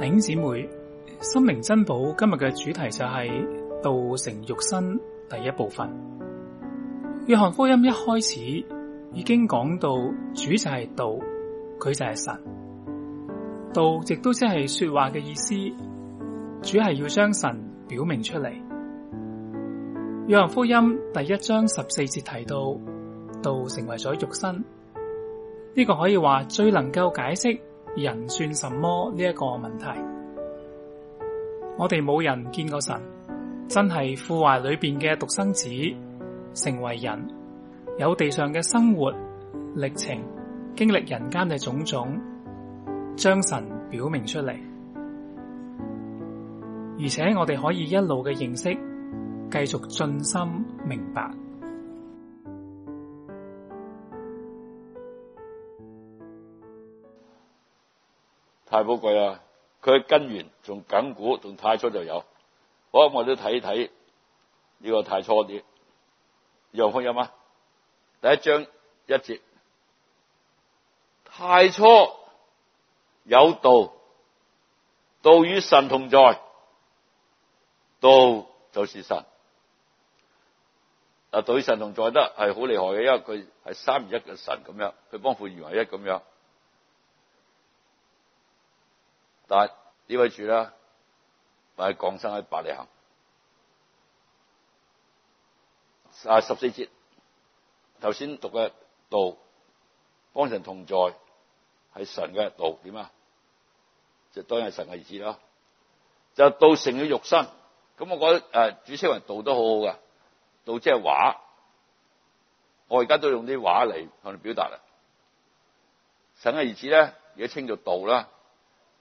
弟兄姊妹，心靈珍寶今日嘅主題就係、是、道成肉身第一部分。約翰福音一開始已經講到主就係道，佢就係神。道亦都即係說話嘅意思，主係要將神表明出嚟。約翰福音第一章十四節提到道成為咗肉身，呢、這個可以話最能夠解釋。人算什麼呢一個問題？我哋冇人見過神，真係父懷裏邊嘅獨生子，成為人，有地上嘅生活歷程，經歷人間嘅種種，將神表明出嚟，而且我哋可以一路嘅認識，繼續盡心明白。太寶貴啊！佢嘅根源從緊古從太初就有，好，我都睇睇呢個太初啲楊康有嗎？第一章一節，太初有道，道與神同在，道就是神。啊，道與神同在得係好厲害嘅，因為佢係三而一嘅神咁樣，佢幫父而為一咁樣。但這位主呢位住啦，我喺降生喺八里行啊十四節，頭先讀嘅道，幫神同在係神嘅道，點啊？就當係神嘅兒子咯。就道成了肉身，咁我覺得誒、呃，主稱為道都好好噶，道即係話，我而家都用啲話嚟向你表達啦。神嘅兒子咧，而家稱做道啦。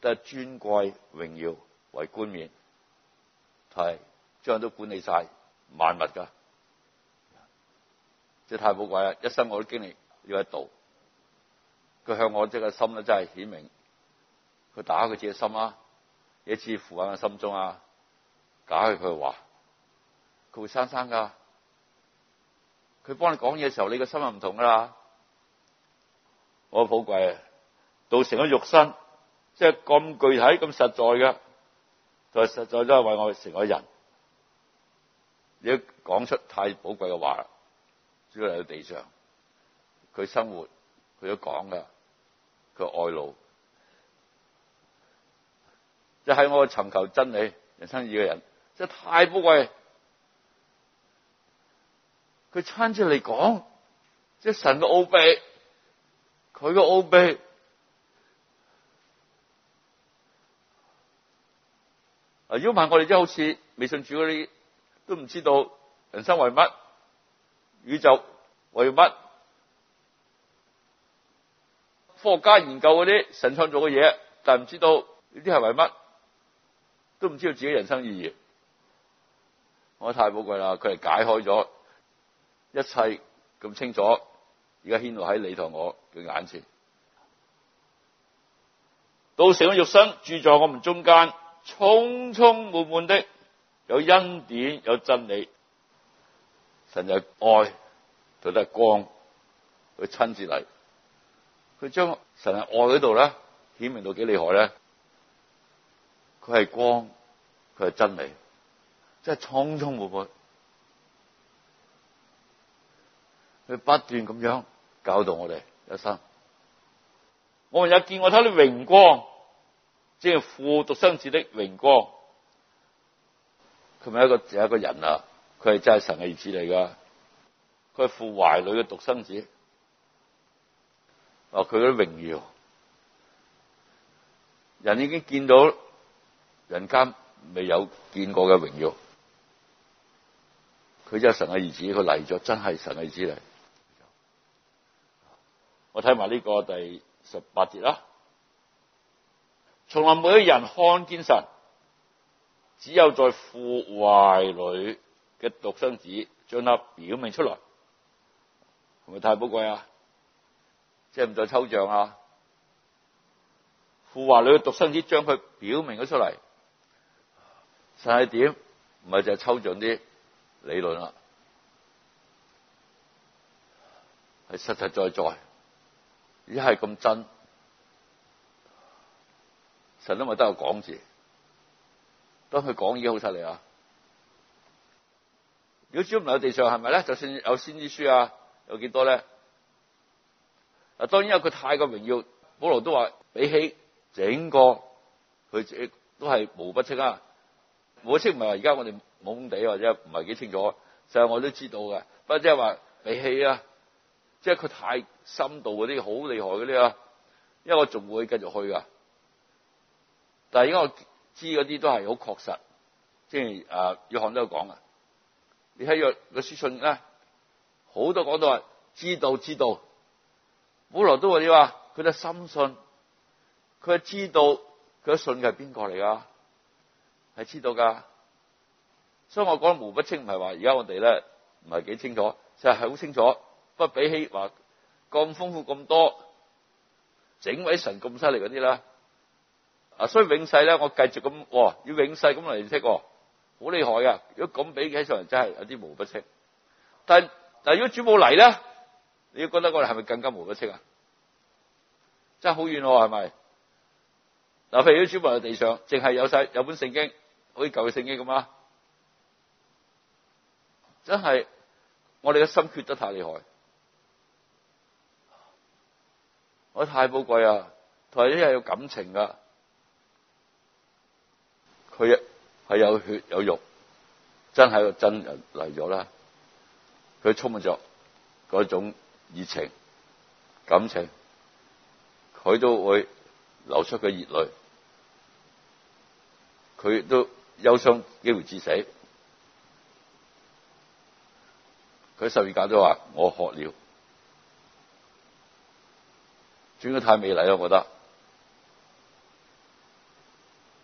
都是尊貴榮耀為冠冕，係將都管理晒萬物噶，即太寶貴啦！一生我都經歷，要喺道，佢向我即個心咧真係顯明，佢打佢自己心啊，嘢至符喺我心中啊，打佢佢話，佢會生生噶，佢幫你講嘢嘅時候，你個心係唔同噶啦，我寶貴，道成咗肉身。即係咁具體咁實在嘅，就係實在都係為我哋成個人，要講出太寶貴嘅話。主要嚟到地上，佢生活，佢都講噶，佢愛路，就喺、是、我尋求真理、人生意義嘅人，即、就、係、是、太寶貴。佢親自嚟講，即、就、係、是、神嘅奧秘，佢嘅奧秘。如果唔係我哋即，好似未信主嗰啲，都唔知道人生為乜，宇宙為乜，科學家研究嗰啲神創造嘅嘢，但係唔知道呢啲係為乜，都唔知道自己人生意義。我太寶貴啦！佢係解開咗一切咁清楚，而家牽落喺你同我嘅眼前，道成了肉身住在我們中間。充充滿滿的，有恩典，有真理，神嘅愛，佢都係光，佢親自嚟，佢將神嘅愛嗰度咧，顯明到幾厲害咧，佢係光，佢係真理，真係充充滿滿，佢不斷咁樣搞到我哋一生，我哋有見我睇到榮光。即係父獨生子的榮光，佢咪一個有一個人啊！佢係真係神嘅兒子嚟噶，佢係父懷裡嘅獨生子。哦、啊，佢嘅啲榮耀，人已經見到人間未有見過嘅榮耀。佢就是神嘅兒子，佢嚟咗，真係神嘅子嚟。我睇埋呢個第十八節啦。從來冇一人看見神，只有在父懷裡嘅獨生子將他表明出來，係咪太寶貴啊？即係唔再抽象啊！父懷裡嘅獨生子將佢表明咗出嚟，實際點？唔係就係抽象啲理論啦，係實實在在，而係咁真。因為都有講字，當佢講已經好犀利啊！如果專門有地上係咪咧？就算有先知書啊，有幾多咧？啊，當然有佢太過榮耀，保羅都話比起整個佢都係無不清啊！無不清唔係話而家我哋懵懵地或者唔係幾清楚，就係我都知道嘅。不過即係話比起啊，即係佢太深度嗰啲好厲害嗰啲啊，因為我仲會繼續去噶。但係而家我知嗰啲都係好確實，即係啊約翰都有講啊，你睇約嘅書信咧，好多講到話知道知道，保羅都話你話佢都深信，佢係知道佢信嘅係邊個嚟噶，係知道噶。所以我講模不清，唔係話而家我哋咧唔係幾清楚，就係好清楚。不過比起話咁豐富咁多，整位神咁犀利嗰啲啦。啊！所以永世咧，我繼續咁，喎、哦。要永世咁嚟認識，好、哦、厲害噶！如果咁比起上嚟，真係有啲模糊不清。但但如果主冇嚟咧，你要覺得我哋係咪更加模糊不清啊？真係好遠喎，係咪？嗱，譬如如果主埋喺地上，淨係有晒有本聖經，好似舊嘅聖經咁啊，真係我哋嘅心缺得太厲害，我太寶貴啊！同埋呢，係有感情噶。佢係有血有肉，真係個真人嚟咗啦。佢充滿咗嗰種熱情感情，佢都會流出嘅熱淚。佢都憂傷，幾乎致死。佢十二屆都話我學了，只個太美麗嚟嘅，我覺得。